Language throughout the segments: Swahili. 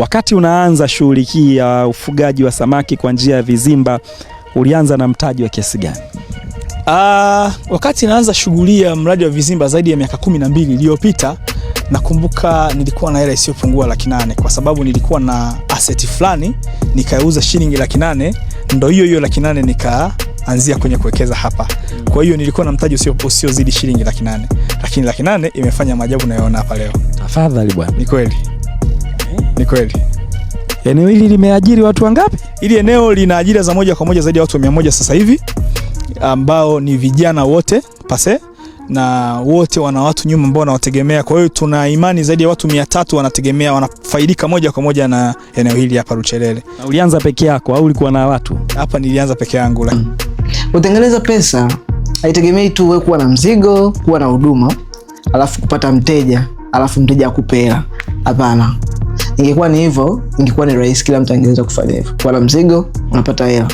Wakati unaanza shughuli hii ya ufugaji wa samaki kwa njia ya vizimba ulianza na mtaji wa kiasi gani? Uh, wakati naanza shughuli ya mradi wa vizimba zaidi ya miaka kumi na mbili iliyopita nakumbuka nilikuwa na hela isiyopungua laki nane kwa sababu nilikuwa na aseti fulani nikauza shilingi laki nane ndo hiyo hiyo laki nane nikaanzia kwenye kuwekeza hapa. Kwa hiyo nilikuwa na mtaji usiozidi shilingi laki nane, lakini laki nane imefanya maajabu nayoona hapa leo. Tafadhali bwana, ni kweli. Ni kweli. Eneo hili limeajiri watu wangapi? Hili eneo lina ajira za moja kwa moja zaidi ya watu moja sasa hivi ambao ni vijana wote pase na wote wana watu nyuma ambao wanawategemea. Kwa hiyo tuna imani zaidi ya watu 300 wanategemea, wanafaidika moja kwa moja na eneo hili hapa Luchelele. Na ulianza peke yako au ulikuwa na watu? Hapa nilianza peke yangu. Mm. Kutengeneza pesa haitegemei tu wewe kuwa na mzigo, kuwa na huduma, alafu kupata mteja, alafu mteja akupea. Hapana. Ingekuwa ni hivyo, ingekuwa ni rahisi, kila mtu angeweza kufanya hivyo. Kuwa na mzigo unapata hela?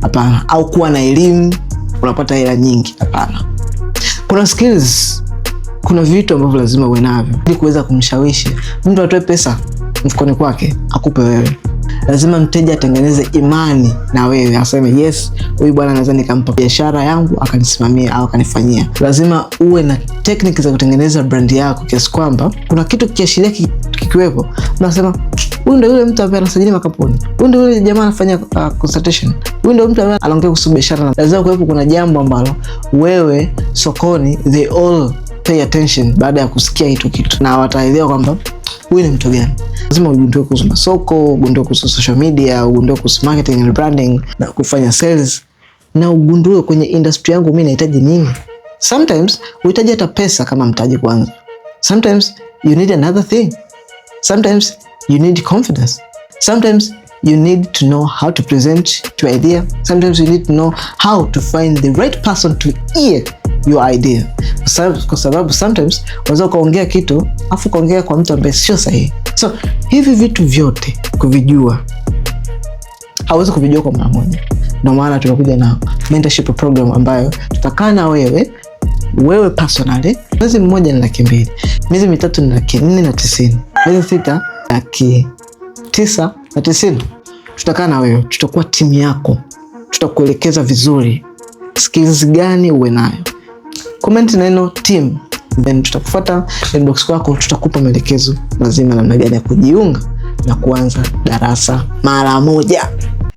Hapana. Au kuwa na elimu unapata hela nyingi? Hapana. Kuna skills, kuna vitu ambavyo lazima uwe navyo ili kuweza kumshawishi mtu atoe pesa mfukoni kwake akupe wewe. Lazima mteja atengeneze imani na wewe, aseme yes, huyu bwana anaweza nikampa biashara yangu akanisimamia au akanifanyia. Lazima uwe na tekniki za kutengeneza brandi yako, kiasi kwamba kuna kitu kiashiria ukiwepo, unasema huyu ndio yule mtu ambaye anasajili makampuni, huyu ndio yule jamaa anafanya uh, consultation, huyu ndio mtu ambaye anaongea kuhusu biashara. Lazima kuwepo kuna jambo ambalo wewe sokoni, they all pay attention baada ya kusikia hitu kitu, na wataelewa kwamba huyu ni mtu gani. Lazima ugundue kuhusu masoko, ugundue kuhusu social media, ugundue kuhusu marketing and branding na kufanya sales, na ugundue kwenye industry yangu mimi nahitaji nini. Sometimes unahitaji hata pesa kama mtaji kwanza. Sometimes you need another thing. Sometimes you need confidence. Sometimes you need to know how to present your idea. Sometimes you need to know how to find the right person to hear your idea, kwa sababu sometimes unaweza ukaongea kitu afu ukaongea kwa mtu ambaye sio sahihi. So hivi vitu vyote kuvijua, hauwezi kuvijua kwa mara moja. Ndio maana tumekuja na mentorship program ambayo tutakaa na wewe wewe personally, mwezi mmoja ni laki mbili, miezi mitatu ni laki nne na tisini haizafika ah, laki tisa na tisini, tutakaa na wewe, tutakuwa timu yako, tutakuelekeza vizuri skills gani uwe nayo. Comment neno team, then tutakufuata inbox kwako, tutakupa maelekezo mazima namna gani ya kujiunga na kuanza darasa mara moja.